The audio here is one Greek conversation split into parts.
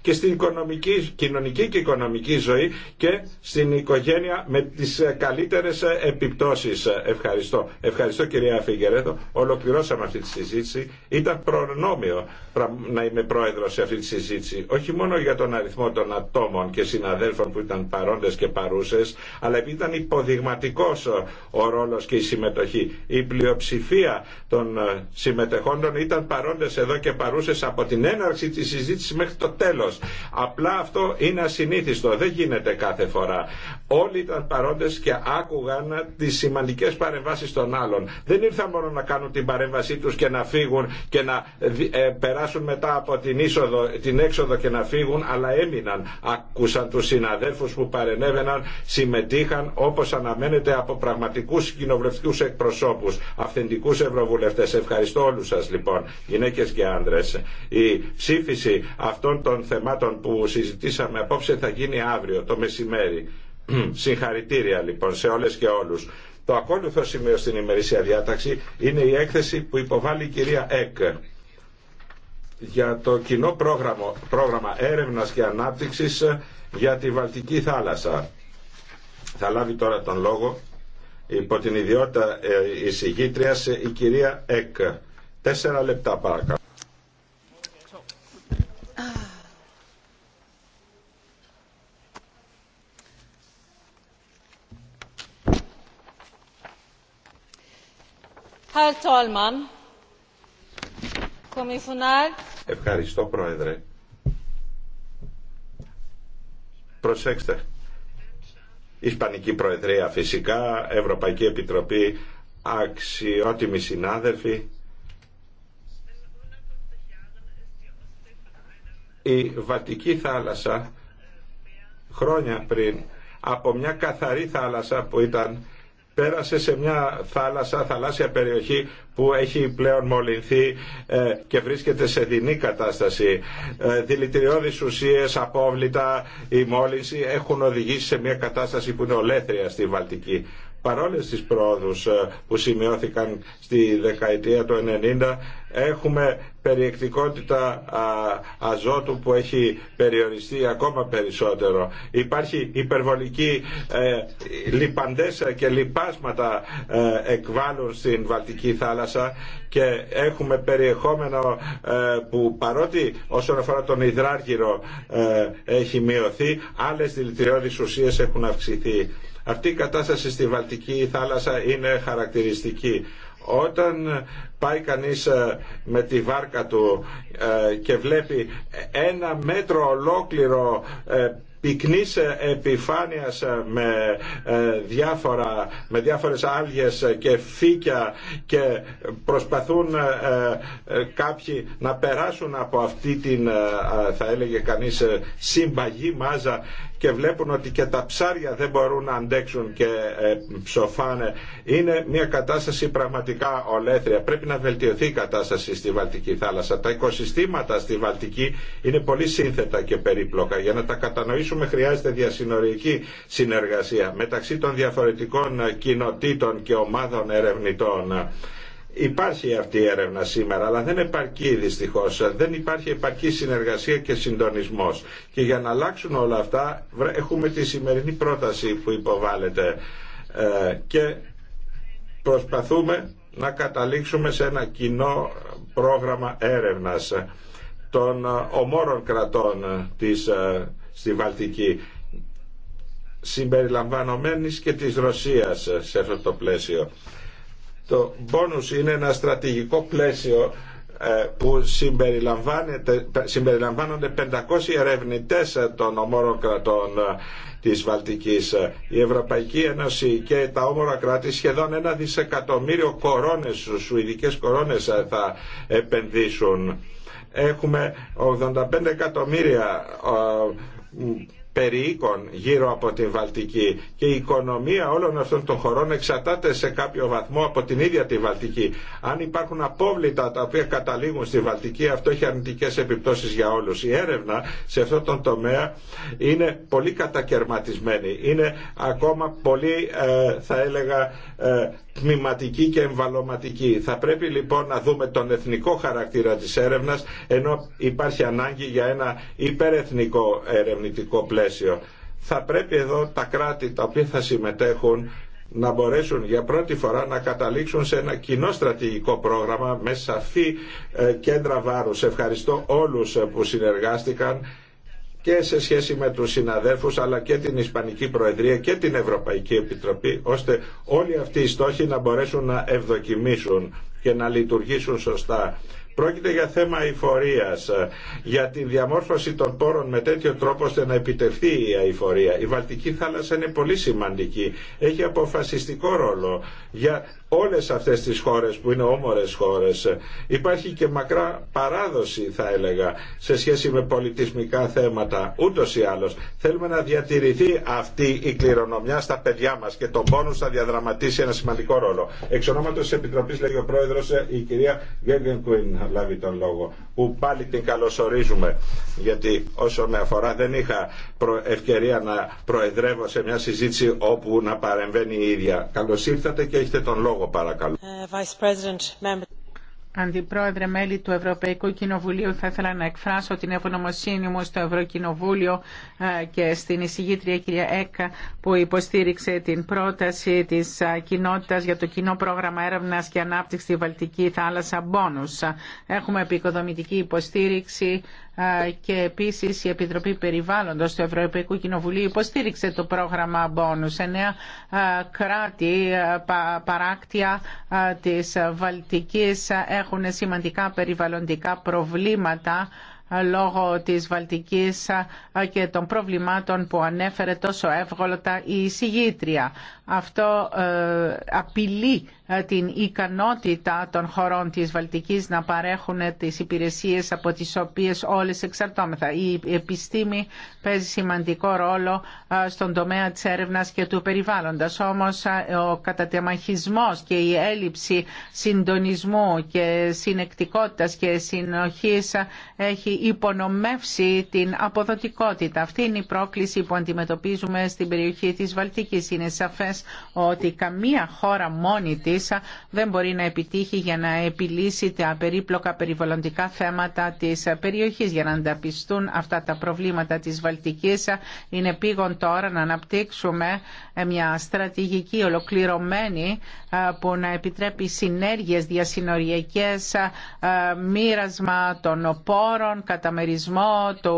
και στην οικονομική, κοινωνική και οικονομική ζωή και στην οικογένεια με τις ε, καλύτερες ε, επιπτώσεις. Ευχαριστώ. Ευχαριστώ κυρία Φιγερέδο. Ολοκληρώσαμε αυτή τη συζήτηση. Ήταν προνόμιο να είμαι πρόεδρος σε αυτή τη συζήτηση. Όχι μόνο για τον αριθμό των ατόμων και συναδέλφων που ήταν παρόντες και παρούσες, αλλά επειδή ήταν υποδειγματικός ο ρόλος και η συμμετοχή. Η πλειοψηφία των ε, συμμετεχόντων ήταν παρόντες εδώ και παρούσες από την έναρξη της συζήτησης μέχρι το τέλος Απλά αυτό είναι ασυνήθιστο, δεν γίνεται κάθε φορά. Όλοι ήταν παρόντες και άκουγαν τις σημαντικές παρεμβάσεις των άλλων. Δεν ήρθαν μόνο να κάνουν την παρέμβασή τους και να φύγουν και να ε, περάσουν μετά από την, είσοδο, την έξοδο και να φύγουν, αλλά έμειναν. Ακούσαν τους συναδέλφους που παρενέβαιναν, συμμετείχαν όπως αναμένεται από πραγματικούς κοινοβουλευτικούς εκπροσώπους, αυθεντικούς ευρωβουλευτές. Ευχαριστώ όλους σας λοιπόν, γυναίκες και άντρε. Η ψήφιση αυτών των θεμάτων θεμάτων που συζητήσαμε απόψε θα γίνει αύριο το μεσημέρι. Συγχαρητήρια λοιπόν σε όλες και όλους. Το ακόλουθο σημείο στην ημερήσια διάταξη είναι η έκθεση που υποβάλλει η κυρία Εκ για το κοινό πρόγραμμα, πρόγραμμα έρευνας και ανάπτυξης για τη Βαλτική θάλασσα. Θα λάβει τώρα τον λόγο υπό την ιδιότητα ε, εισηγήτριας η κυρία Εκ. Τέσσερα λεπτά παρακαλώ. Ευχαριστώ, Πρόεδρε. Προσέξτε. Ισπανική Προεδρία φυσικά, Ευρωπαϊκή Επιτροπή, αξιότιμοι συνάδελφοι. Η Βατική θάλασσα χρόνια πριν από μια καθαρή θάλασσα που ήταν πέρασε σε μια θάλασσα, θαλάσσια περιοχή που έχει πλέον μολυνθεί ε, και βρίσκεται σε δινή κατάσταση. Ε, δηλητηριώδεις ουσίες, απόβλητα, η μόλυνση έχουν οδηγήσει σε μια κατάσταση που είναι ολέθρια στη Βαλτική παρόλες τις πρόοδους ε, που σημειώθηκαν στη δεκαετία του 90 έχουμε περιεκτικότητα αζότου που έχει περιοριστεί ακόμα περισσότερο. Υπάρχει υπερβολική ε, λιπαντές και λιπάσματα ε, εκβάλλουν στην Βαλτική θάλασσα και έχουμε περιεχόμενο ε, που παρότι όσον αφορά τον υδράργυρο ε, έχει μειωθεί, άλλες δηλητηριώδεις ουσίες έχουν αυξηθεί. Αυτή η κατάσταση στη Βαλτική θάλασσα είναι χαρακτηριστική. Όταν πάει κανείς ε, με τη βάρκα του ε, και βλέπει ένα μέτρο ολόκληρο ε, πυκνής επιφάνειας με, διάφορα, με διάφορες άλγες και φύκια και προσπαθούν κάποιοι να περάσουν από αυτή την θα έλεγε κανείς συμπαγή μάζα και βλέπουν ότι και τα ψάρια δεν μπορούν να αντέξουν και ε, ψοφάνε. Είναι μια κατάσταση πραγματικά ολέθρια. Πρέπει να βελτιωθεί η κατάσταση στη Βαλτική θάλασσα. Τα οικοσυστήματα στη Βαλτική είναι πολύ σύνθετα και περίπλοκα. Για να τα κατανοήσουμε χρειάζεται διασυνοριακή συνεργασία μεταξύ των διαφορετικών ε, κοινοτήτων και ομάδων ερευνητών. Υπάρχει αυτή η έρευνα σήμερα, αλλά δεν επαρκεί δυστυχώ. Δεν υπάρχει επαρκή συνεργασία και συντονισμό. Και για να αλλάξουν όλα αυτά, έχουμε τη σημερινή πρόταση που υποβάλλεται. Ε, και προσπαθούμε να καταλήξουμε σε ένα κοινό πρόγραμμα έρευνας των ε, ομόρων κρατών ε, της, στη Βαλτική συμπεριλαμβανομένης και της Ρωσίας σε αυτό το πλαίσιο. Το bonus είναι ένα στρατηγικό πλαίσιο ε, που συμπεριλαμβάνονται 500 ερευνητές των ομόρων κρατών ε, της Βαλτικής. Η Ευρωπαϊκή Ένωση και τα όμορα κράτη σχεδόν ένα δισεκατομμύριο κορώνες, σουηδικές κορώνες ε, θα επενδύσουν. Έχουμε 85 εκατομμύρια οίκων γύρω από την Βαλτική και η οικονομία όλων αυτών των χωρών εξαρτάται σε κάποιο βαθμό από την ίδια τη Βαλτική. Αν υπάρχουν απόβλητα τα οποία καταλήγουν στη Βαλτική αυτό έχει αρνητικές επιπτώσεις για όλους. Η έρευνα σε αυτόν τον τομέα είναι πολύ κατακαιρματισμένη. Είναι ακόμα πολύ ε, θα έλεγα ε, τμηματική και εμβαλωματική. Θα πρέπει λοιπόν να δούμε τον εθνικό χαρακτήρα της έρευνας ενώ υπάρχει ανάγκη για ένα υπερεθνικό ερευνητικό πλαίσιο θα πρέπει εδώ τα κράτη τα οποία θα συμμετέχουν να μπορέσουν για πρώτη φορά να καταλήξουν σε ένα κοινό στρατηγικό πρόγραμμα με σαφή ε, κέντρα βάρους. Ευχαριστώ όλους ε, που συνεργάστηκαν και σε σχέση με τους συναδέλφους αλλά και την Ισπανική Προεδρία και την Ευρωπαϊκή Επιτροπή ώστε όλοι αυτοί οι στόχοι να μπορέσουν να ευδοκιμήσουν και να λειτουργήσουν σωστά. Πρόκειται για θέμα αηφορίας, ε, για τη διαμόρφωση των πόρων με τέτοιο τρόπο ώστε να επιτευχθεί η αηφορία. Η Βαλτική θάλασσα είναι πολύ σημαντική. Έχει αποφασιστικό ρόλο για όλες αυτές τις χώρες που είναι όμορες χώρες. Υπάρχει και μακρά παράδοση θα έλεγα σε σχέση με πολιτισμικά θέματα. Ούτως ή άλλως θέλουμε να διατηρηθεί αυτή η κληρονομιά στα παιδιά μας και το πόνους θα διαδραματίσει ένα σημαντικό ρόλο. Εξ ονόματος της Επιτροπής λέγει ο Πρόεδρος ε, η κυρία Γκέγκεν τον λόγο, που πάλι την καλωσορίζουμε, γιατί όσο με αφορά δεν είχα ευκαιρία να προεδρεύω σε μια συζήτηση όπου να παρεμβαίνει η ίδια. Καλώς ήρθατε και έχετε τον λόγο παρακαλώ. Ε, Vice Αντιπρόεδρε, μέλη του Ευρωπαϊκού Κοινοβουλίου, θα ήθελα να εκφράσω την ευγνωμοσύνη μου στο Ευρωκοινοβούλιο ε, και στην εισηγήτρια κυρία Έκα που υποστήριξε την πρόταση της ε, κοινότητας για το κοινό πρόγραμμα έρευνας και ανάπτυξη στη Βαλτική θάλασσα Μπόνους. Έχουμε επικοδομητική υποστήριξη και επίσης η Επιτροπή Περιβάλλοντος του Ευρωπαϊκού Κοινοβουλίου υποστήριξε το πρόγραμμα Bonus. Νέα κράτη παράκτια της Βαλτικής έχουν σημαντικά περιβαλλοντικά προβλήματα λόγω της Βαλτικής και των προβλημάτων που ανέφερε τόσο εύγολα η συγγήτρια. Αυτό ε, απειλεί την ικανότητα των χωρών της Βαλτικής να παρέχουν τις υπηρεσίες από τις οποίες όλες εξαρτώμεθα. Η επιστήμη παίζει σημαντικό ρόλο στον τομέα της έρευνας και του περιβάλλοντας. Όμως ο κατατεμαχισμός και η έλλειψη συντονισμού και συνεκτικότητας και συνοχής έχει υπονομεύσει την αποδοτικότητα. Αυτή είναι η πρόκληση που αντιμετωπίζουμε στην περιοχή της Βαλτικής. Είναι σαφές ότι καμία χώρα μόνη δεν μπορεί να επιτύχει για να επιλύσει τα περίπλοκα περιβαλλοντικά θέματα της περιοχή Για να ανταπιστούν αυτά τα προβλήματα της Βαλτικής είναι πήγον τώρα να αναπτύξουμε ε, μια στρατηγική ολοκληρωμένη ε, που να επιτρέπει συνέργειες διασυνοριακές, ε, μοίρασμα των πόρων, καταμερισμό του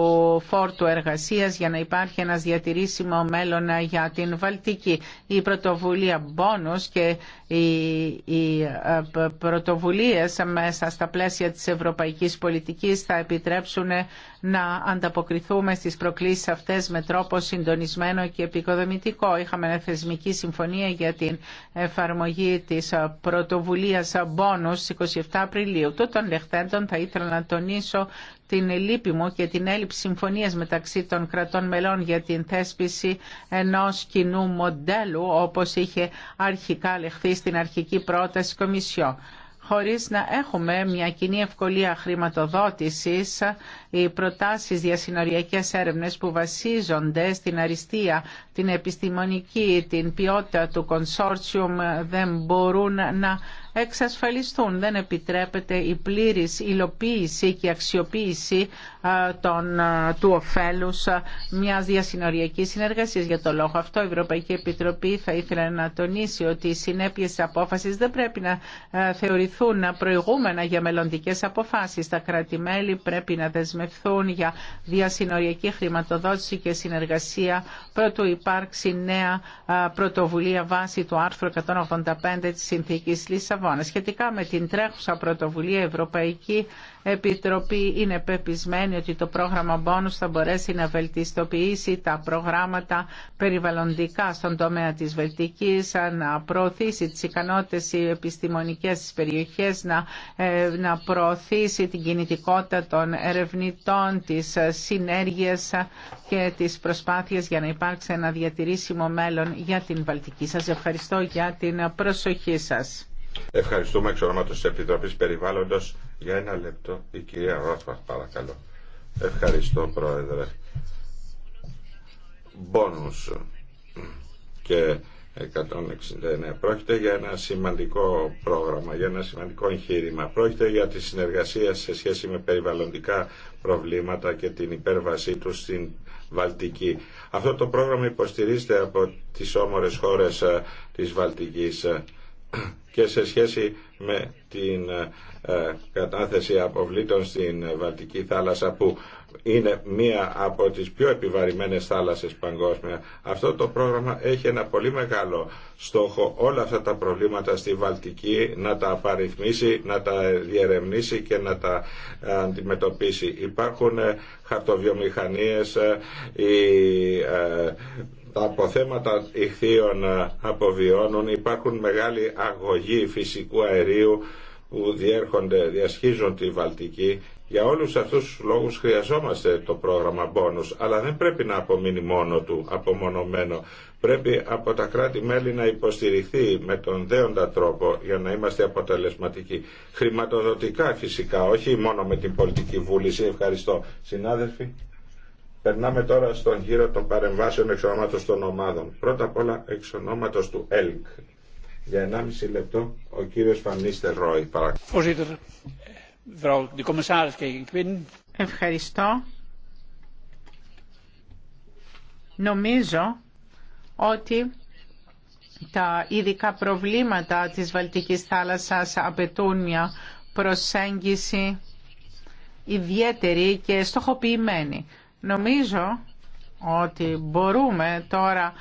φόρτου εργασίας για να υπάρχει ένας διατηρήσιμο μέλλον για την Βαλτική. Η πρωτοβουλία Μπόνους και οι, οι ε, πρωτοβουλίες μέσα στα πλαίσια της ευρωπαϊκής πολιτικής θα επιτρέψουν να ανταποκριθούμε στις προκλήσεις αυτές με τρόπο συντονισμένο και επικοδομητικό. Είχαμε μια θεσμική συμφωνία για την εφαρμογή της πρωτοβουλίας Μπόνους 27 Απριλίου. Τούτων λεχθέντων θα ήθελα να τονίσω την λύπη μου και την έλλειψη συμφωνίας μεταξύ των κρατών μελών για την θέσπιση ενός κοινού μοντέλου όπως είχε αρχικά λεχθεί στην αρχική πρόταση Κομισιό χωρίς να έχουμε μια κοινή ευκολία χρηματοδότησης. Οι προτάσεις συνοριακές έρευνες που βασίζονται στην αριστεία, την επιστημονική, την ποιότητα του κονσόρτσιουμ δεν μπορούν να εξασφαλιστούν. Δεν επιτρέπεται η πλήρης υλοποίηση και αξιοποίηση του ωφέλους μιας διασυνοριακής συνεργασίας. Για το λόγο αυτό η Ευρωπαϊκή Επιτροπή θα ήθελε να τονίσει ότι οι συνέπειες της απόφασης δεν πρέπει να θεωρηθούν προηγούμενα για μελλοντικές αποφάσεις. Τα κράτη-μέλη πρέπει να δεσμευθούν για διασυνοριακή χρηματοδότηση και συνεργασία πρώτου υπάρξει νέα πρωτοβουλία βάσει του άρθρου 185 της Συνθήκης Λίσσα Σχετικά με την τρέχουσα πρωτοβουλία, η Ευρωπαϊκή Επιτροπή είναι πεπισμένη ότι το πρόγραμμα Bonus θα μπορέσει να βελτιστοποιήσει τα προγράμματα περιβαλλοντικά στον τομέα της Βελτικής, να προωθήσει τις ικανότητες οι επιστημονικές στις περιοχές, να, ε, να προωθήσει την κινητικότητα των ερευνητών, τις συνέργειες και τις προσπάθειες για να υπάρξει ένα διατηρήσιμο μέλλον για την Βαλτική. Σας ευχαριστώ για την προσοχή σας. Ευχαριστούμε εξ ονόματο τη Επιτροπής Περιβάλλοντος. Για ένα λεπτό η κυρία Ρόσπαχ παρακαλώ. Ευχαριστώ πρόεδρε. Μπόνους και 169. Πρόκειται για ένα σημαντικό πρόγραμμα, για ένα σημαντικό εγχείρημα. Πρόκειται για τη συνεργασία σε σχέση με περιβαλλοντικά προβλήματα και την υπέρβασή του στην Βαλτική. Αυτό το πρόγραμμα υποστηρίζεται από τις όμορες χώρες ε, της Βαλτικής και σε σχέση με την ε, κατάθεση αποβλήτων στην Βαλτική θάλασσα που είναι μία από τις πιο επιβαρημένες θάλασσες παγκόσμια. Αυτό το πρόγραμμα έχει ένα πολύ μεγάλο στόχο όλα αυτά τα προβλήματα στη Βαλτική να τα απαριθμίσει, να τα διερευνήσει και να τα ε, αντιμετωπίσει. Υπάρχουν ε, χαρτοβιομηχανίες, οι τα αποθέματα ηχθείων ε, αποβιώνουν, υπάρχουν μεγάλη αγωγή φυσικού αερίου που διέρχονται, διασχίζουν τη Βαλτική. Για όλους αυτούς τους λόγους χρειαζόμαστε το πρόγραμμα Bonus, αλλά δεν πρέπει να απομείνει μόνο του, απομονωμένο. Πρέπει από τα κράτη-μέλη να υποστηριχθεί με τον δέοντα τρόπο για να είμαστε αποτελεσματικοί. Χρηματοδοτικά φυσικά, όχι μόνο με την πολιτική βούληση. Ευχαριστώ. Συνάδελφοι. Περνάμε τώρα στον γύρο των παρεμβάσεων εξ ονόματος των ομάδων. Πρώτα απ' όλα εξ ονόματος του ΕΛΚ. Για 1,5 λεπτό ο κύριος Φανίστερ Ρόι. Ευχαριστώ. Νομίζω ότι τα ειδικά προβλήματα της Βαλτικής θάλασσας απαιτούν μια προσέγγιση ιδιαίτερη και στοχοποιημένη. Νομίζω ότι μπορούμε τώρα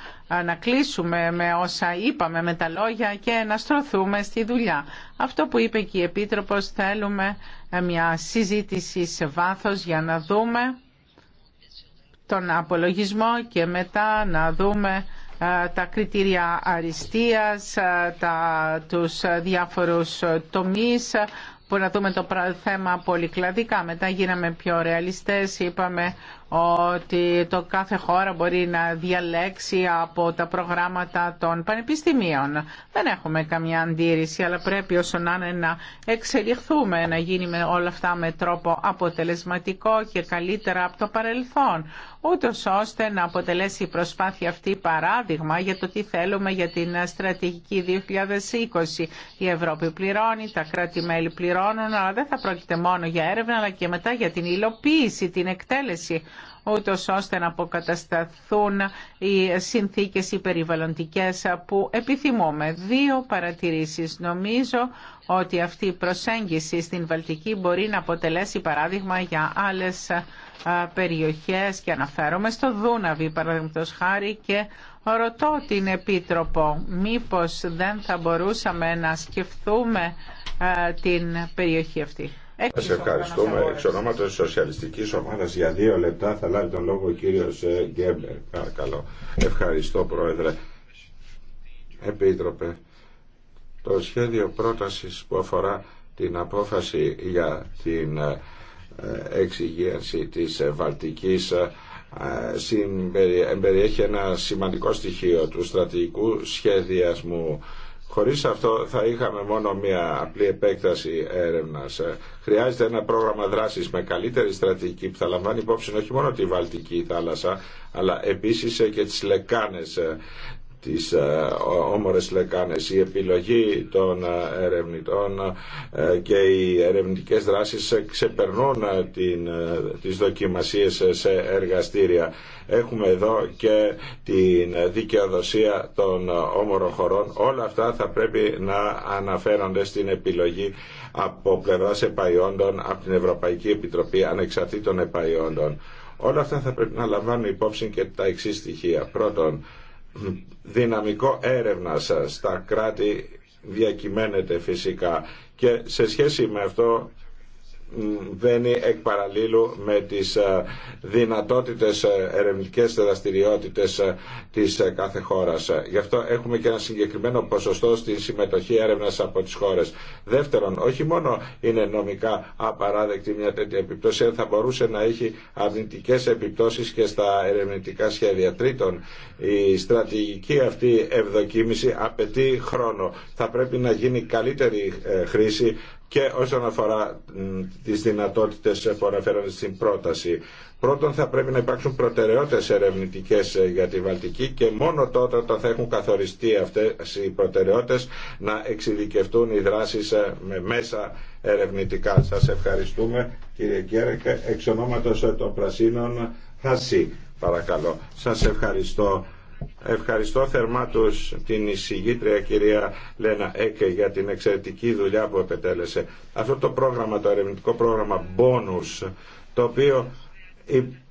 να κλείσουμε με όσα είπαμε, με τα λόγια και να στρωθούμε στη δουλειά. Αυτό που είπε και η Επίτροπος, θέλουμε ε, μια συζήτηση σε βάθος για να δούμε τον απολογισμό και μετά να δούμε τα κριτήρια αριστείας, τα, τους διάφορους τομείς που να δούμε το θέμα πολυκλαδικά. Μετά γίναμε πιο ρεαλιστές, είπαμε ότι το κάθε χώρα μπορεί να διαλέξει από τα προγράμματα των πανεπιστημίων. Δεν έχουμε καμιά αντίρρηση, αλλά πρέπει όσο να είναι να εξελιχθούμε, να γίνει όλα αυτά με τρόπο αποτελεσματικό και καλύτερα από το παρελθόν ούτως ώστε να αποτελέσει η προσπάθεια αυτή παράδειγμα για το τι θέλουμε για την στρατηγική 2020. Η Ευρώπη πληρώνει, τα κράτη-μέλη πληρώνουν, αλλά δεν θα πρόκειται μόνο για έρευνα, αλλά και μετά για την υλοποίηση, την εκτέλεση ούτω ώστε να αποκατασταθούν οι συνθήκες οι που επιθυμούμε. Δύο παρατηρήσεις. Νομίζω ότι αυτή η προσέγγιση στην Βαλτική μπορεί να αποτελέσει παράδειγμα για άλλες περιοχές και αναφέρομαι στο Δούναβι παραδείγματος χάρη και ρωτώ την Επίτροπο μήπως δεν θα μπορούσαμε να σκεφτούμε την περιοχή αυτή. Σα ευχαριστούμε. Εξ ονόματο τη Σοσιαλιστική Ομάδα για δύο λεπτά θα λάβει τον λόγο ο κύριο ε, Γκέμπερ. Παρακαλώ. Ευχαριστώ, Πρόεδρε. Επίτροπε, το σχέδιο πρότασης που αφορά την απόφαση για την ε, εξυγίανση της Βαλτικής ε, εμπεριέχει ένα σημαντικό στοιχείο του στρατηγικού σχεδιασμού. Χωρίς αυτό θα είχαμε μόνο μια απλή επέκταση έρευνας. Ε, χρειάζεται ένα πρόγραμμα δράσης με καλύτερη στρατηγική που θα λαμβάνει υπόψη όχι μόνο τη Βαλτική θάλασσα, αλλά επίσης ε, και τις λεκάνες, τις ε, όμορες λεκάνες. Η επιλογή των ε, ερευνητών ε, και οι ερευνητικές δράσεις ξεπερνούν την, τις δοκιμασίες σε εργαστήρια. Έχουμε εδώ και την δικαιοδοσία των όμορων χωρών. Όλα αυτά θα πρέπει να αναφέρονται στην επιλογή από πλευρά επαϊόντων από την Ευρωπαϊκή Επιτροπή ανεξαρτήτων επαϊόντων. Όλα αυτά θα πρέπει να λαμβάνουν υπόψη και τα εξή στοιχεία. Πρώτον, δυναμικό έρευνας στα κράτη διακυμαίνεται φυσικά και σε σχέση με αυτό βαίνει εκ παραλίλου με τις ε, δυνατότητες ε, ερευνητικές δραστηριότητες ε, της κάθε χώρας. Γι' αυτό έχουμε και ένα συγκεκριμένο ποσοστό στη συμμετοχή έρευνας από τις χώρες. Δεύτερον, όχι μόνο είναι νομικά απαράδεκτη μια τέτοια επιπτώση, θα μπορούσε να έχει αρνητικές επιπτώσεις και στα ερευνητικά σχέδια. Τρίτον, η στρατηγική αυτή ευδοκίμηση απαιτεί χρόνο. Θα πρέπει να γίνει καλύτερη χρήση και όσον αφορά τις δυνατότητες που αναφέρονται στην πρόταση. Πρώτον θα πρέπει να υπάρξουν προτεραιότητες ερευνητικές ε, για τη Βαλτική και μόνο τότε όταν θα έχουν καθοριστεί αυτές οι προτεραιότητες να εξειδικευτούν οι δράσεις ε, με μέσα ερευνητικά. Σας ευχαριστούμε κύριε Γκέρεκ, εξ ονόματος ε, των Πρασίνων Χασί. Παρακαλώ. Σας ευχαριστώ. Ευχαριστώ θερμά τους την εισηγήτρια κυρία Λένα Έκε για την εξαιρετική δουλειά που επετέλεσε. Αυτό το πρόγραμμα, το ερευνητικό πρόγραμμα Bonus, το οποίο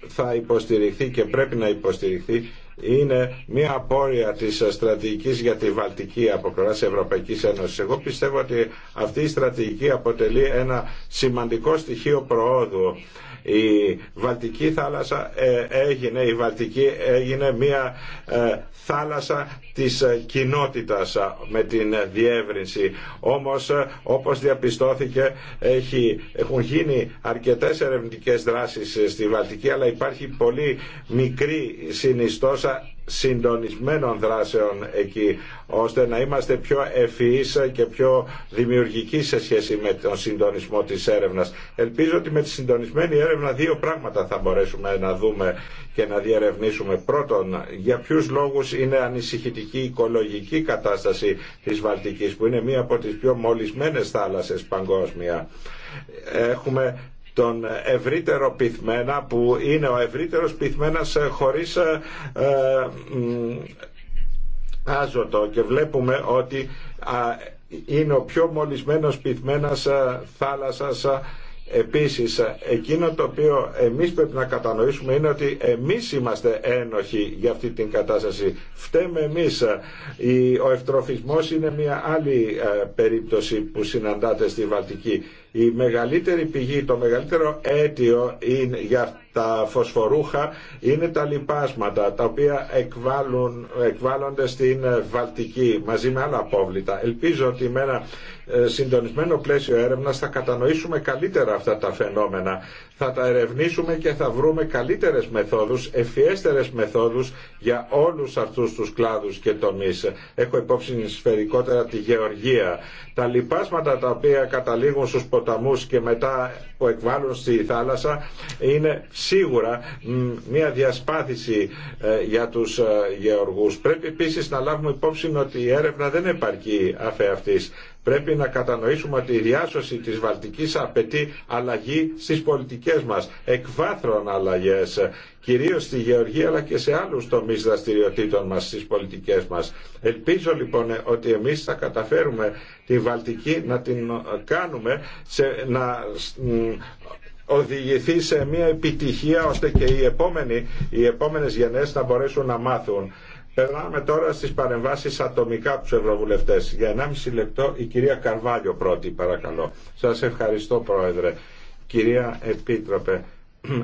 θα υποστηριχθεί και πρέπει να υποστηριχθεί είναι μια απόρρια της στρατηγικής για τη Βαλτική από Ευρωπαϊκής Ένωσης. Εγώ πιστεύω ότι αυτή η στρατηγική αποτελεί ένα σημαντικό στοιχείο προόδου η Βαλτική θάλασσα ε, έγινε, η Βαλτική έγινε μια ε, θάλασσα της ε, κοινότητας με την διεύρυνση. Όμως όπως διαπιστώθηκε έχει, έχουν γίνει αρκετές ερευνητικές δράσεις στη Βαλτική αλλά υπάρχει πολύ μικρή συνιστόσα συντονισμένων δράσεων εκεί, ώστε να είμαστε πιο ευφυείς και πιο δημιουργικοί σε σχέση με τον συντονισμό της έρευνας. Ελπίζω ότι με τη συντονισμένη έρευνα δύο πράγματα θα μπορέσουμε να δούμε και να διερευνήσουμε. Πρώτον, για ποιους λόγους είναι ανησυχητική η οικολογική κατάσταση της Βαλτικής, που είναι μία από τις πιο μολυσμένες θάλασσες παγκόσμια. Έχουμε τον ευρύτερο πυθμένα που είναι ο ευρύτερος πυθμένας χωρίς ε, άζωτο και βλέπουμε ότι είναι ο πιο μολυσμένος πυθμένας ε, θάλασσας ε, Επίσης, εκείνο το οποίο εμείς πρέπει να κατανοήσουμε είναι ότι εμείς είμαστε ένοχοι για αυτή την κατάσταση. Φταίμε εμείς. Ο ευτροφισμός είναι μια άλλη περίπτωση που συναντάται στη Βαλτική η μεγαλύτερη πηγή, το μεγαλύτερο αίτιο για τα φωσφορούχα είναι τα λιπάσματα τα οποία εκβάλλουν, εκβάλλονται στην ε, Βαλτική μαζί με άλλα απόβλητα. Ελπίζω ότι με ένα ε, συντονισμένο πλαίσιο έρευνας θα κατανοήσουμε καλύτερα αυτά τα φαινόμενα θα τα ερευνήσουμε και θα βρούμε καλύτερες μεθόδους, ευφιέστερες μεθόδους για όλους αυτούς τους κλάδους και τομείς. Έχω υπόψη σφαιρικότερα τη γεωργία. Τα λιπάσματα τα οποία καταλήγουν στους ποταμούς και μετά που εκβάλλουν στη θάλασσα είναι σίγουρα μια διασπάθηση ε, για τους ε, γεωργούς. Πρέπει επίσης να λάβουμε υπόψη ότι η έρευνα δεν επαρκεί αφέ αυτής. Πρέπει να κατανοήσουμε ότι η διάσωση της Βαλτικής απαιτεί αλλαγή στις πολιτικές μας, εκβάθρων αλλαγές, κυρίως στη γεωργία αλλά και σε άλλους τομείς δραστηριοτήτων μας, στις πολιτικές μας. Ελπίζω λοιπόν ότι εμείς θα καταφέρουμε τη Βαλτική να την κάνουμε, σε, να οδηγηθεί σε μια επιτυχία ώστε και οι, επόμενοι, οι επόμενες γενναίες να μπορέσουν να μάθουν. Περνάμε τώρα στις παρεμβάσεις ατομικά από τους Ευρωβουλευτές. Για 1,5 λεπτό η κυρία Καρβάλιο πρώτη παρακαλώ. Σας ευχαριστώ Πρόεδρε. Κυρία Επίτροπε,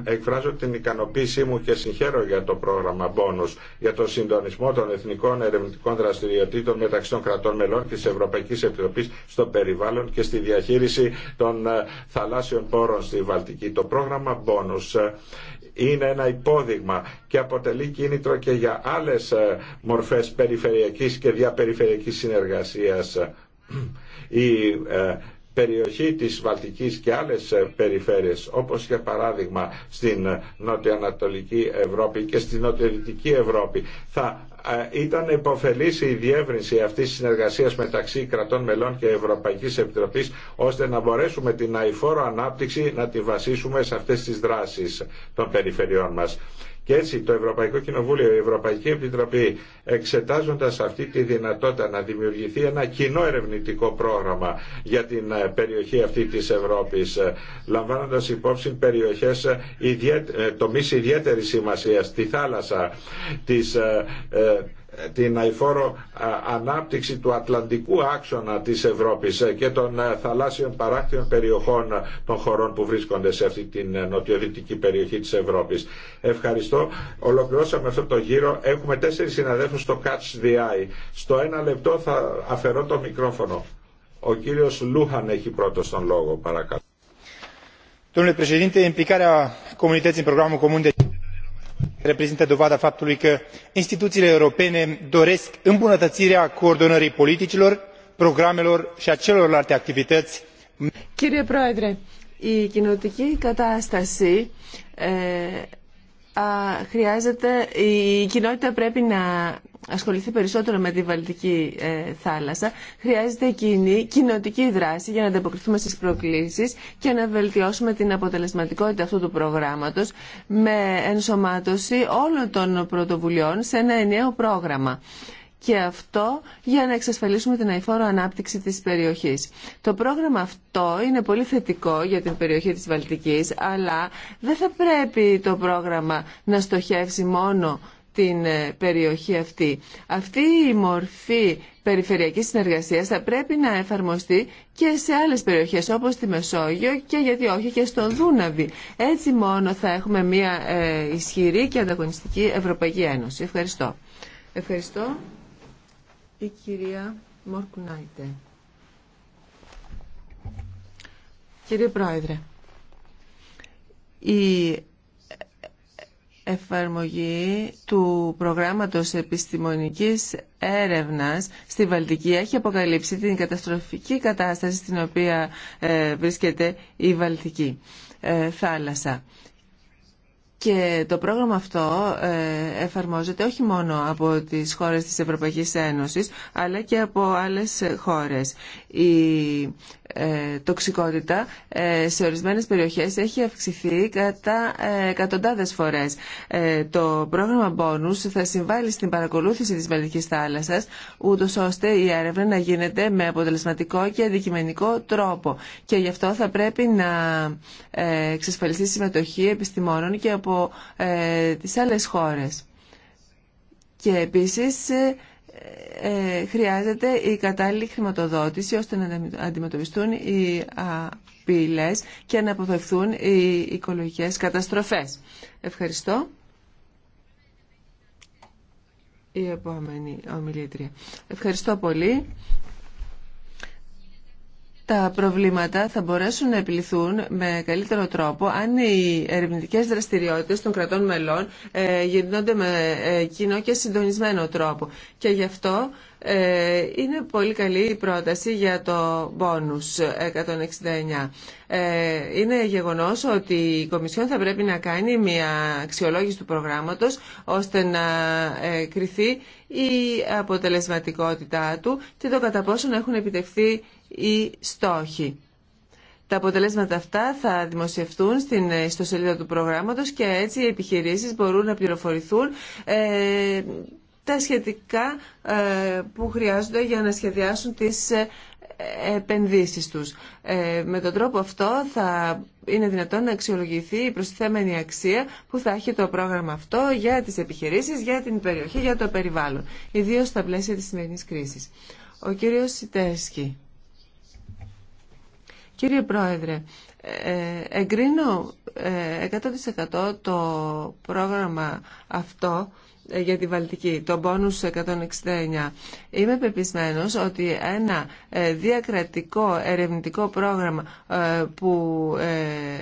εκφράζω την ικανοποίησή μου και συγχαίρω για το πρόγραμμα Bonus για το συντονισμό των εθνικών ερευνητικών δραστηριοτήτων μεταξύ των κρατών μελών της Ευρωπαϊκής Επιτροπής στο περιβάλλον και στη διαχείριση των ε, θαλάσσιων πόρων στη Βαλτική. Το πρόγραμμα Bonus ε, είναι ένα υπόδειγμα και αποτελεί κίνητρο και για άλλες ε, μορφές περιφερειακής και διαπεριφερειακής συνεργασίας. Η ε, περιοχή της Βαλτικής και άλλες ε, περιφέρειες όπως για παράδειγμα στην ε, νοτιοανατολική Ευρώπη και στην νοτιοδυτική Ευρώπη θα ε, ήταν υποφελής η διεύρυνση αυτής της συνεργασίας μεταξύ κρατών μελών και Ευρωπαϊκής Επιτροπής ώστε να μπορέσουμε την αηφόρο ανάπτυξη να τη βασίσουμε σε αυτές τις δράσεις των περιφερειών μας. Και έτσι το Ευρωπαϊκό Κοινοβούλιο, η Ευρωπαϊκή Επιτροπή εξετάζοντας αυτή τη δυνατότητα να δημιουργηθεί ένα κοινό ερευνητικό πρόγραμμα για την ε, περιοχή αυτή της Ευρώπης ε, λαμβάνοντας υπόψη περιοχές ε, τομείς ιδιαίτερης σημασίας, τη θάλασσα, της την αηφόρο ανάπτυξη του Ατλαντικού άξονα της Ευρώπης ε, και των ε, θαλάσσιων παράκτιων περιοχών ε, των χωρών που βρίσκονται σε αυτή την νοτιοδυτική περιοχή της Ευρώπης. Ευχαριστώ. Ολοκληρώσαμε αυτό το γύρο. Έχουμε τέσσερις συναδέλφους στο Catch the Eye. Στο ένα λεπτό θα αφαιρώ το μικρόφωνο. Ο κύριος Λούχαν έχει πρώτο τον λόγο. Παρακαλώ. Domnule președinte, implicarea comunității reprezintă dovada faptului că instituiile europene doresc îmbunătăirea coordonării politicilor programelor i a celorlalte activităi a ασχοληθεί περισσότερο με τη Βαλτική ε, θάλασσα, χρειάζεται κοινή κοινοτική δράση για να ανταποκριθούμε στις προκλήσεις και να βελτιώσουμε την αποτελεσματικότητα αυτού του προγράμματος με ενσωμάτωση όλων των πρωτοβουλειών σε ένα ενιαίο πρόγραμμα. Και αυτό για να εξασφαλίσουμε την αηφόρο ανάπτυξη της περιοχής. Το πρόγραμμα αυτό είναι πολύ θετικό για την περιοχή της Βαλτικής, αλλά δεν θα πρέπει το πρόγραμμα να στοχεύσει μόνο την ε, περιοχή αυτή. Αυτή η μορφή περιφερειακής συνεργασίας θα πρέπει να εφαρμοστεί και σε άλλες περιοχές όπως στη Μεσόγειο και γιατί όχι και στον Δούναβι. Έτσι μόνο θα έχουμε μια ε, ισχυρή και ανταγωνιστική Ευρωπαϊκή Ένωση. Ευχαριστώ. Ευχαριστώ η κυρία Μορκουνάιτε. Κύριε Πρόεδρε, η εφαρμογή του προγράμματος επιστημονικής έρευνας στη Βαλτική έχει αποκαλύψει την καταστροφική κατάσταση στην οποία ε, βρίσκεται η Βαλτική ε, θάλασσα. Και το πρόγραμμα αυτό ε, εφαρμόζεται όχι μόνο από τις χώρες της Ευρωπαϊκής Ένωσης, αλλά και από άλλες χώρες. Η ε, τοξικότητα ε, σε ορισμένες περιοχές έχει αυξηθεί κατά εκατοντάδες φορές. Το πρόγραμμα Bonus θα συμβάλλει στην παρακολούθηση της Βαλτικής θάλασσας, ούτως ώστε η έρευνα να γίνεται με αποτελεσματικό και αντικειμενικό τρόπο. Και γι' αυτό θα πρέπει να εξασφαλιστεί συμμετοχή επιστημόνων και από από ε, τις άλλες χώρες. Και επίσης ε, ε, χρειάζεται η κατάλληλη χρηματοδότηση ώστε να αντιμετωπιστούν οι απειλές και να αποφευθούν οι οικολογικές καταστροφές. Ευχαριστώ. Η επόμενη ομιλήτρια. Ευχαριστώ πολύ τα προβλήματα θα μπορέσουν να επιληθούν με καλύτερο τρόπο αν οι ερευνητικέ δραστηριότητε των κρατών μελών ε, γίνονται με ε, κοινό και συντονισμένο τρόπο. Και γι' αυτό ε, είναι πολύ καλή η πρόταση για το bonus 169. είναι γεγονός ότι η Κομισιόν θα πρέπει να κάνει μια αξιολόγηση του προγράμματος ώστε να κριθεί η αποτελεσματικότητά του και το κατά πόσο να έχουν επιτευχθεί οι στόχοι. Τα αποτελέσματα αυτά θα δημοσιευτούν στην ιστοσελίδα του προγράμματος και έτσι οι επιχειρήσεις μπορούν να πληροφορηθούν ε, τα σχετικά ε, που χρειάζονται για να σχεδιάσουν τις ε, επενδύσεις τους. Ε, με τον τρόπο αυτό θα είναι δυνατόν να αξιολογηθεί η προστιθέμενη αξία που θα έχει το πρόγραμμα αυτό για τις επιχειρήσεις, για την περιοχή, για το περιβάλλον, ιδίως στα πλαίσια της σημερινής κρίσης. Ο κύριος Σιτέσκι. Κύριε Πρόεδρε, ε, εγκρίνω 100% ε, το πρόγραμμα αυτό ε, για τη Βαλτική, το πόνους 169. Είμαι πεπισμένος ότι ένα διακρατικό ερευνητικό πρόγραμμα που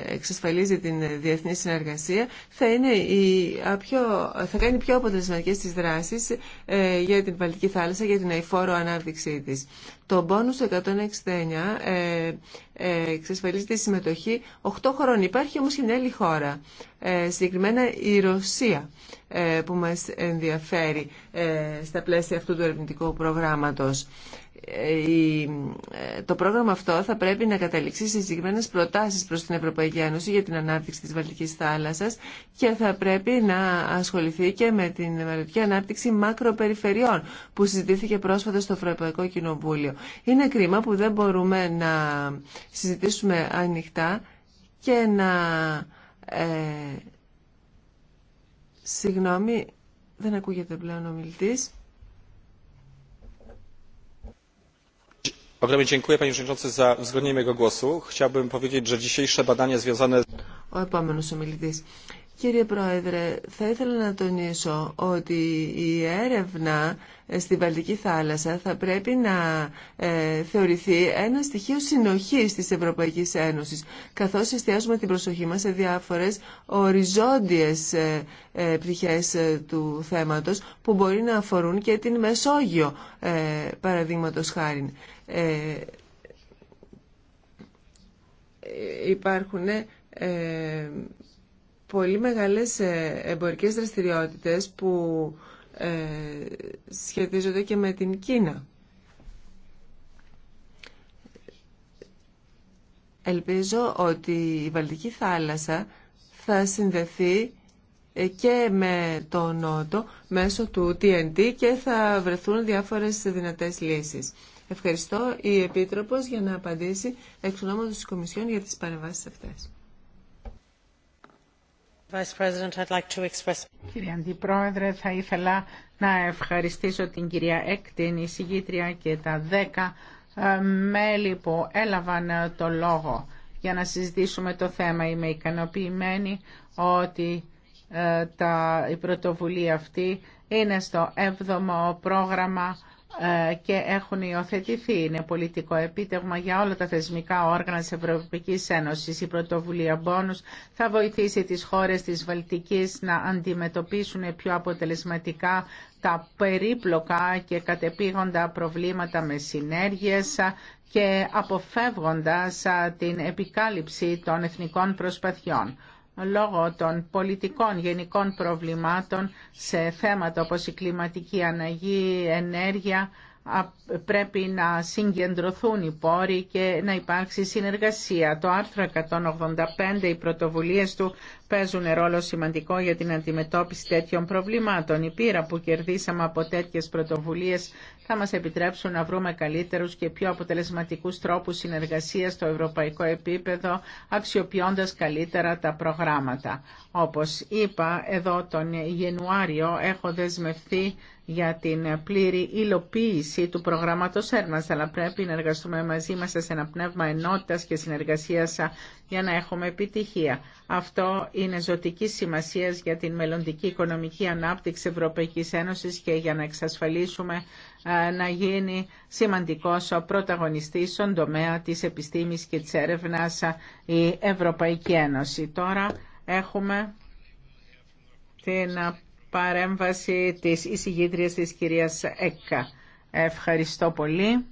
εξασφαλίζει την διεθνή συνεργασία θα, είναι η πιο, θα κάνει πιο αποτελεσματικές τις δράσεις για την Βαλτική θάλασσα, για την αηφόρο ανάπτυξή της. Το bonus 169 ε, ε, εξασφαλίζει τη συμμετοχή 8 χρόνων. Υπάρχει όμως και μια άλλη χώρα, ε, συγκεκριμένα η Ρωσία, που μας ενδιαφέρει στα πλαίσια αυτού του ερευνητικού προγράμματος. Ε, το πρόγραμμα αυτό θα πρέπει να καταλήξει σε συγκεκριμένε προτάσει προ την Ευρωπαϊκή Ένωση για την ανάπτυξη τη Βαλτική θάλασσα και θα πρέπει να ασχοληθεί και με την μελλοντική ανάπτυξη μακροπεριφερειών που συζητήθηκε πρόσφατα στο Ευρωπαϊκό Κοινοβούλιο. Είναι κρίμα που δεν μπορούμε να συζητήσουμε ανοιχτά και να. Ε, συγγνώμη, δεν ακούγεται πλέον ο μιλητής. Ogromnie dziękuję panie przewodniczący za uwzględnienie mojego głosu. Chciałbym powiedzieć, że dzisiejsze badania związane... z Κύριε Πρόεδρε, θα ήθελα να τονίσω ότι η έρευνα στη Βαλτική θάλασσα θα πρέπει να ε, θεωρηθεί ένα στοιχείο συνοχής της Ευρωπαϊκής Ένωσης, καθώς εστιάζουμε την προσοχή μας σε διάφορες οριζόντιες ε, ε πτυχές ε, του θέματος που μπορεί να αφορούν και την Μεσόγειο, ε, παραδείγματος χάρη. υπάρχουν πολύ μεγάλες ε, εμπορικές δραστηριότητες που ε, σχετίζονται και με την Κίνα. Ελπίζω ότι η Βαλτική θάλασσα θα συνδεθεί ε, και με το Νότο μέσω του TNT και θα βρεθούν διάφορες δυνατές λύσεις. Ευχαριστώ η Επίτροπος για να απαντήσει εξ ονόματος της Κομισιόν για τις παρεμβάσεις αυτές. Κύριε Αντιπρόεδρε, θα ήθελα να ευχαριστήσω την κυρία Έκτην, η συγγήτρια και τα δέκα ε, μέλη που έλαβαν ε, το λόγο για να συζητήσουμε το θέμα. Είμαι ικανοποιημένη ότι ε, η πρωτοβουλία αυτή είναι στο 7 πρόγραμμα ε, και έχουν υιοθετηθεί. Είναι πολιτικό επίτευγμα για όλα τα θεσμικά όργανα της Ευρωπαϊκής Ένωσης. Η πρωτοβουλία bonus θα βοηθήσει τις χώρες της Βαλτικής να αντιμετωπίσουν πιο αποτελεσματικά τα περίπλοκα και κατεπήγοντα προβλήματα με συνέργειες και αποφεύγοντας την επικάλυψη των εθνικών προσπαθειών λόγω των πολιτικών γενικών προβλημάτων σε θέματα όπως η κλιματική αναγή, ενέργεια, πρέπει να συγκεντρωθούν οι πόροι και να υπάρξει συνεργασία. Το άρθρο 185, οι πρωτοβουλίες του παίζουν ρόλο σημαντικό για την αντιμετώπιση τέτοιων προβλημάτων. Η πείρα που κερδίσαμε από τέτοιες πρωτοβουλίες θα μας επιτρέψουν να βρούμε καλύτερους και πιο αποτελεσματικούς τρόπους συνεργασίας στο ευρωπαϊκό επίπεδο, αξιοποιώντας καλύτερα τα προγράμματα. Όπως είπα, εδώ τον Ιανουάριο έχω δεσμευθεί για την πλήρη υλοποίηση του προγράμματος έρμας, αλλά πρέπει να εργαστούμε μαζί μας σε ένα πνεύμα ενότητας και συνεργασίας για να έχουμε επιτυχία. Αυτό είναι ζωτική σημασία για την μελλοντική οικονομική ανάπτυξη Ευρωπαϊκής Ένωσης και για να εξασφαλίσουμε ε, να γίνει σημαντικός ο πρωταγωνιστής στον τομέα της επιστήμης και της έρευνας ε, η Ευρωπαϊκή Ένωση. Τώρα έχουμε την παρέμβαση της εισηγήτριας της κυρίας Έκα. Ευχαριστώ πολύ.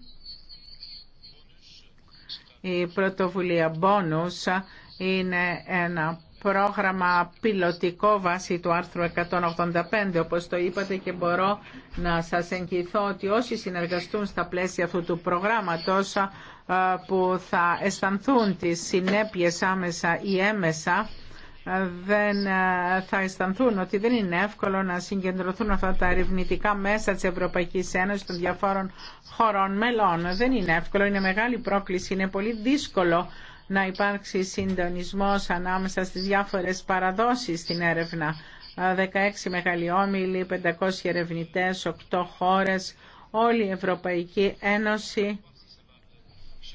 Η πρωτοβουλία Bonus είναι ένα πρόγραμμα πιλωτικό βάση του άρθρου 185, όπως το είπατε και μπορώ να σας εγγυηθώ ότι όσοι συνεργαστούν στα πλαίσια αυτού του προγράμματος που θα αισθανθούν τις συνέπειες άμεσα ή έμεσα, δεν θα αισθανθούν ότι δεν είναι εύκολο να συγκεντρωθούν αυτά τα ερευνητικά μέσα της Ευρωπαϊκής Ένωσης των διαφόρων χωρών μελών. Δεν είναι εύκολο, είναι μεγάλη πρόκληση, είναι πολύ δύσκολο να υπάρξει συντονισμός ανάμεσα στις διάφορες παραδόσεις στην έρευνα. 16 μεγαλειόμιλοι, 500 ερευνητές, 8 χώρες, όλη η Ευρωπαϊκή Ένωση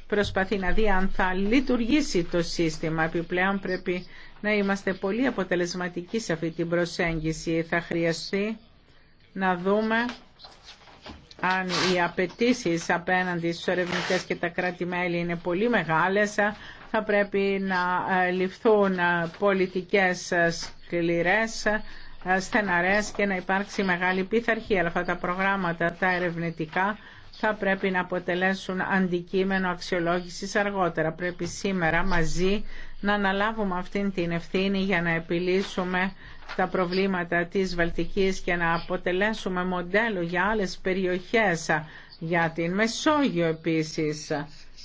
προσπαθεί να δει αν θα λειτουργήσει το σύστημα. Επιπλέον πρέπει να είμαστε πολύ αποτελεσματικοί σε αυτή την προσέγγιση. Θα χρειαστεί να δούμε αν οι απαιτήσει απέναντι στους ερευνητές και τα κράτη-μέλη είναι πολύ μεγάλες, θα πρέπει να ε, ληφθούν ε, πολιτικές ε, σκληρές, στεναρές και να υπάρξει μεγάλη πειθαρχία. Αλλά αυτά τα προγράμματα, τα ερευνητικά, θα πρέπει να αποτελέσουν αντικείμενο αξιολόγησης αργότερα. Πρέπει σήμερα μαζί να αναλάβουμε αυτήν την ευθύνη για να επιλύσουμε τα προβλήματα της Βαλτικής και να αποτελέσουμε μοντέλο για άλλες περιοχές, για την Μεσόγειο επίσης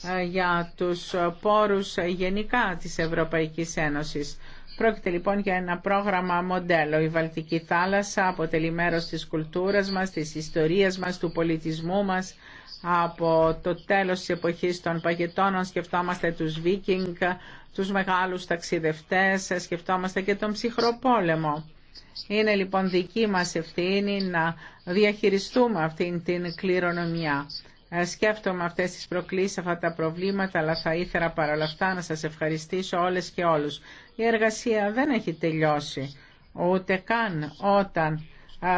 ε, για τους πόρους γενικά της Ευρωπαϊκής Ένωσης. Πρόκειται λοιπόν για ένα πρόγραμμα μοντέλο. Η Βαλτική θάλασσα αποτελεί μέρος της κουλτούρας μας, της ιστορίας μας, του πολιτισμού μας. Από το τέλος της εποχής των παγετώνων σκεφτόμαστε τους Βίκινγκ, τους μεγάλους ταξιδευτές, σκεφτόμαστε και τον ψυχροπόλεμο. Είναι λοιπόν δική μας ευθύνη να διαχειριστούμε αυτήν την κληρονομιά. Ε, σκέφτομαι αυτές τις προκλήσεις, αυτά τα προβλήματα, αλλά θα ήθελα παρόλα αυτά να σας ευχαριστήσω όλες και όλους. Η εργασία δεν έχει τελειώσει, ούτε καν όταν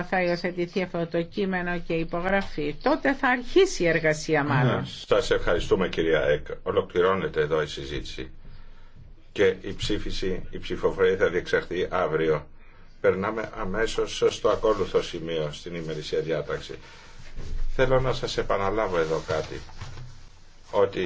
θα υιοθετηθεί αυτό το κείμενο και η υπογραφή. Τότε θα αρχίσει η εργασία ναι, μάλλον. Σας ευχαριστούμε κυρία Εκ. Ολοκληρώνεται εδώ η συζήτηση και η ψήφιση, η ψηφοφορία θα διεξαχθεί αύριο. Περνάμε αμέσως στο ακόλουθο σημείο στην ημερησία διάταξη. Θέλω να σας επαναλάβω εδώ κάτι. Ότι